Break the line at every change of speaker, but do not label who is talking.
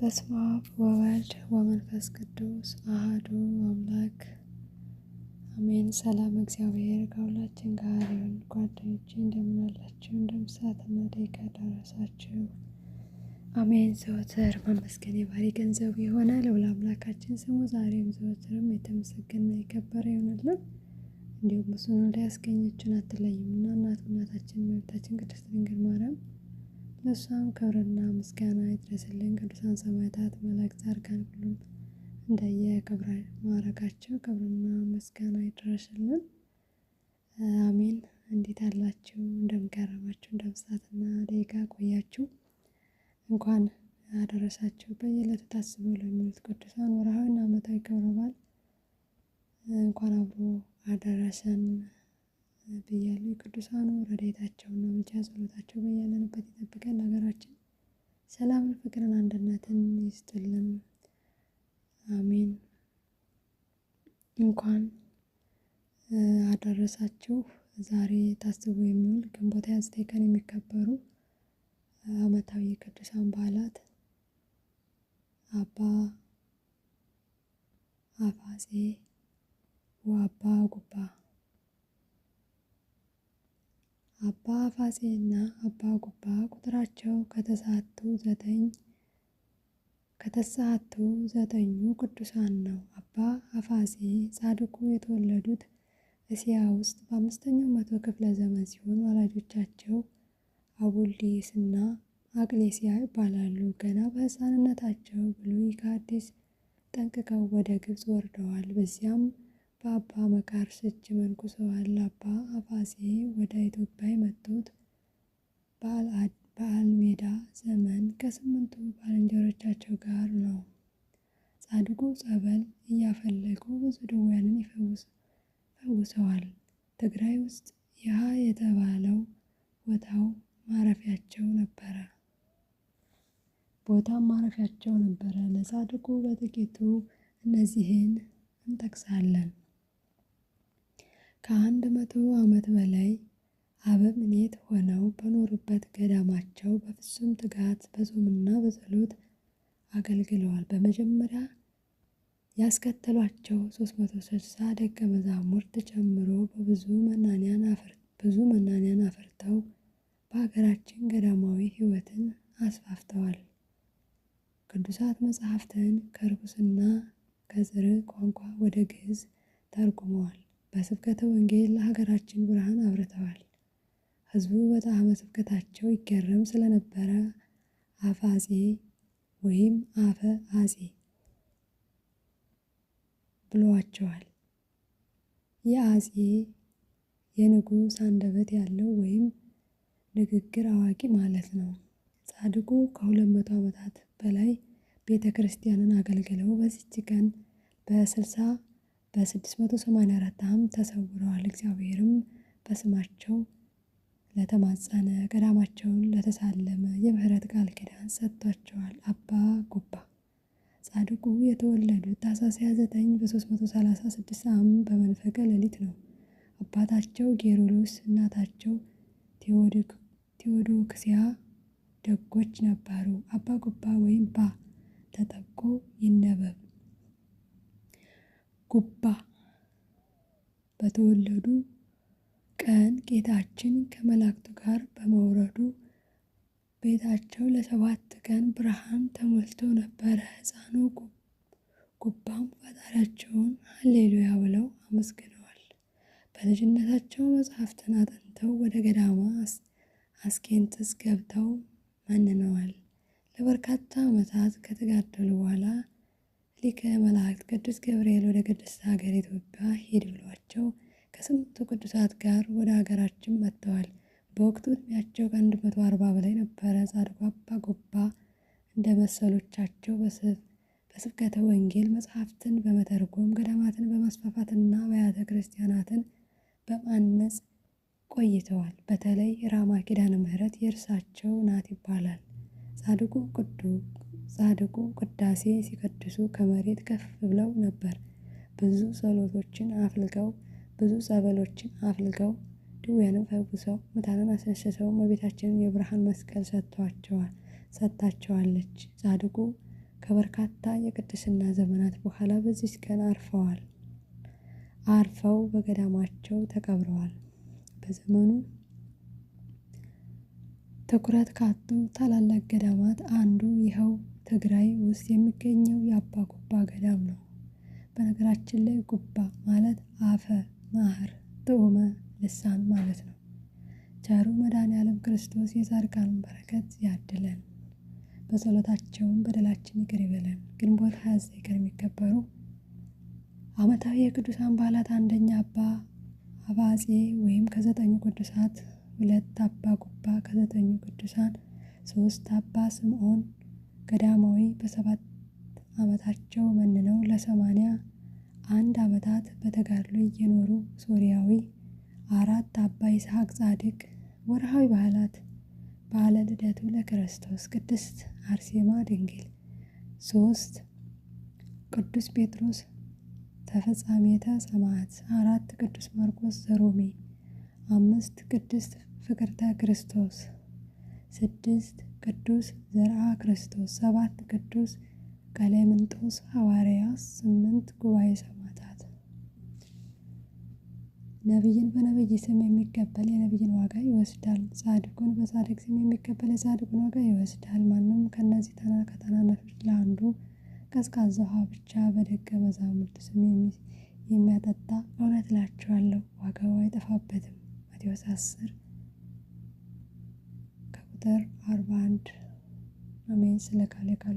በስመ አብ ወወልድ ወመንፈስ ቅዱስ አህዱ አምላክ አሜን። ሰላም እግዚአብሔር ከሁላችን ጋር ይሁን። ጓደኞቼ እንደምን አላችሁ? እንደምን ሰዓትና ደቂቃ ደረሳችሁ? አሜን። ዘወትር መመስገን የባሪ ገንዘብ የሆነ ልዑል አምላካችን ስሙ ዛሬም ዘወትርም የተመሰገነ የከበረ ይሆንልን። እንዲሁም እሱን ላይ ያስገኘችን አትለይምና እናት እናታችን መቤታችን ቅድስት ድንግል ማርያም ለእሷም ክብርና ምስጋና ይድረስልን። ቅዱሳን ሰማዕታት፣ መላእክት፣ ጻድቃን ሁሉም እንደየ ክብረ ማዕረጋቸው ክብርና ምስጋና ይድረስልን። አሜን። እንዴት አላችሁ? እንደምከረማችሁ እንደምሳትና ደቂቃ ቆያችሁ። እንኳን አደረሳችሁ። በየዕለቱ ታስበው ለሚሉት ቅዱሳን ወርሃዊና ዓመታዊ ክብረ በዓል እንኳን አብሮ አደረሰን። ብያለሁ። የቅዱሳኑ ረድኤታቸው እና ምልጃ ጸሎታቸው በያለንበት ይጠብቀን። ሀገራችን ሰላምን፣ ፍቅርን፣ አንድነትን ይስጥልን። አሜን። እንኳን አደረሳችሁ። ዛሬ ታስቦ የሚውል ግንቦት ሃያ ቀን የሚከበሩ ዓመታዊ የቅዱሳን በዓላት አባ አፋጼ ወአባ ጉባ አባ ፋሴና አባ ጉባ ቁጥራቸው ከተሳቱ ዘጠኝ ከተሳቱ ዘጠኙ ቅዱሳን ነው። አባ አፋሴ ጻድቁ የተወለዱት እስያ ውስጥ በአምስተኛው መቶ ክፍለ ዘመን ሲሆን ወላጆቻቸው አቡልዲስ እና አቅሌሲያ ይባላሉ። ገና በሕፃንነታቸው ብሉይ ከአዲስ ጠንቅቀው ወደ ግብፅ ወርደዋል። በዚያም በአባ መቃርስ እጅ መንኩሰዋል። አባ አፋሴ ወደ ኢትዮጵያ የመጡት በአልሜዳ ዘመን ከስምንቱ ባልንጀሮቻቸው ጋር ነው። ጻድቁ ጸበል እያፈለጉ ብዙ ድውያንን ይፈውሰዋል። ትግራይ ውስጥ ይሃ የተባለው ቦታው ማረፊያቸው ነበረ ቦታ ማረፊያቸው ነበረ። ለጻድቁ በጥቂቱ እነዚህን እንጠቅሳለን። ከአንድ መቶ ዓመት በላይ አበምኔት ሆነው በኖሩበት ገዳማቸው በፍጹም ትጋት በጾምና በጸሎት አገልግለዋል። በመጀመሪያ ያስከተሏቸው 360 ደቀ መዛሙርት ጨምሮ በብዙ መናንያን አፍርተው በሀገራችን ገዳማዊ ሕይወትን አስፋፍተዋል። ቅዱሳት መጽሐፍትን ከርኩስና ከጽር ቋንቋ ወደ ግዕዝ ተርጉመዋል። በስብከተ ወንጌል ለሀገራችን ብርሃን አብርተዋል። ሕዝቡ በጣዕመ ስብከታቸው ይገረም ስለነበረ አፋጼ ወይም አፈ አጼ ብሏቸዋል። የአጼ የንጉሥ አንደበት ያለው ወይም ንግግር አዋቂ ማለት ነው። ጻድቁ ከሁለት መቶ ዓመታት በላይ ቤተ ክርስቲያንን አገልግለው በዚች ቀን በስልሳ በ684 ዓም ተሰውረዋል። እግዚአብሔርም በስማቸው ለተማጸነ ቀዳማቸውን ለተሳለመ የምህረት ቃል ኪዳን ሰጥቷቸዋል። አባ ጉባ ጻድቁ የተወለዱት ታኅሳስ 29 በ336 ዓም በመንፈቀ ሌሊት ነው። አባታቸው ጌሮሎስ፣ እናታቸው ቴዎዶክሲያ ደጎች ነበሩ። አባ ጉባ ወይም ባ ተጠቆ ይነበብ ጉባ በተወለዱ ቀን ጌታችን ከመላእክቱ ጋር በመውረዱ ቤታቸው ለሰባት ቀን ብርሃን ተሞልቶ ነበረ። ሕፃኑ ጉባም ፈጣሪያቸውን ሀሌሉያ ብለው አመስግነዋል። በልጅነታቸው መጽሐፍትን አጥንተው ወደ ገዳማ አስኬንትስ ገብተው መንነዋል። ለበርካታ ዓመታት ከተጋደሉ በኋላ ሊቀ መላእክት ቅዱስ ገብርኤል ወደ ቅድስት ሀገር ኢትዮጵያ ሂድ ብሏቸው ከስምንቱ ቅዱሳት ጋር ወደ ሀገራችን መጥተዋል። በወቅቱ ዕድሜያቸው ከአንድ መቶ አርባ በላይ ነበረ። ጻድቁ አባ ጎባ እንደ መሰሎቻቸው በስብከተ ወንጌል መጽሐፍትን በመተርጎም ገዳማትን በማስፋፋትና አብያተ ክርስቲያናትን በማነጽ ቆይተዋል። በተለይ ራማ ኪዳነ ምሕረት የእርሳቸው ናት ይባላል። ጻድቁ ቅዱስ ጻድቁ ቅዳሴ ሲቀድሱ ከመሬት ከፍ ብለው ነበር። ብዙ ጸሎቶችን አፍልገው ብዙ ጸበሎችን አፍልገው ድውያንም ፈውሰው ሙታንን አስነስተው እመቤታችንን የብርሃን መስቀል ሰጥታቸዋለች። ጻድቁ ከበርካታ የቅድስና ዘመናት በኋላ በዚች ቀን አርፈዋል። አርፈው በገዳማቸው ተቀብረዋል። በዘመኑ ትኩረት ካጡ ታላላቅ ገዳማት አንዱ ይኸው ትግራይ ውስጥ የሚገኘው የአባ ጉባ ገዳም ነው። በነገራችን ላይ ጉባ ማለት አፈ ማህር ጥዑመ ልሳን ማለት ነው። ቸሩ መድኃኔዓለም ክርስቶስ የጻድቃን በረከት ያድለን፣ በጸሎታቸውም በደላችን ይቅር ይበለን። ግንቦት 29 ቀን የሚከበሩ ዓመታዊ የቅዱሳን በዓላት አንደኛ አባ አባጼ ወይም ከዘጠኙ ቅዱሳት፣ ሁለት አባ ጉባ ከዘጠኙ ቅዱሳን፣ ሶስት አባ ስምዖን ገዳማዊ በሰባት ዓመታቸው መንነው ለሰማንያ አንድ ዓመታት በተጋድሎ እየኖሩ ሶርያዊ አራት አባ ይስሐቅ ጻድቅ ወርሃዊ በዓላት በዓለ ልደቱ ለክርስቶስ፣ ቅድስት አርሴማ ድንግል፣ ሶስት ቅዱስ ጴጥሮስ ተፈጻሜተ ሰማዕት፣ አራት ቅዱስ ማርቆስ ዘሮሜ፣ አምስት ቅድስት ፍቅርተ ክርስቶስ ስድስት ቅዱስ ዘርአ ክርስቶስ ሰባት ቅዱስ ቀለምንጦስ ሐዋርያ ስምንት ጉባኤ ሰማዕታት ነቢይን በነቢይ ስም የሚቀበል የነቢይን ዋጋ ይወስዳል። ጻድቁን በጻድቅ ስም የሚቀበል የጻድቁን ዋጋ ይወስዳል። ማንም ከእነዚህ ተና ከታናናሾች ለአንዱ ቀዝቃዛ ውሃ ብቻ በደቀ መዛሙርት ስም የሚያጠጣ እውነት እላችኋለሁ ዋጋው አይጠፋበትም። ማቴዎስ አስር अंदर और बांट हमें से लगा लगा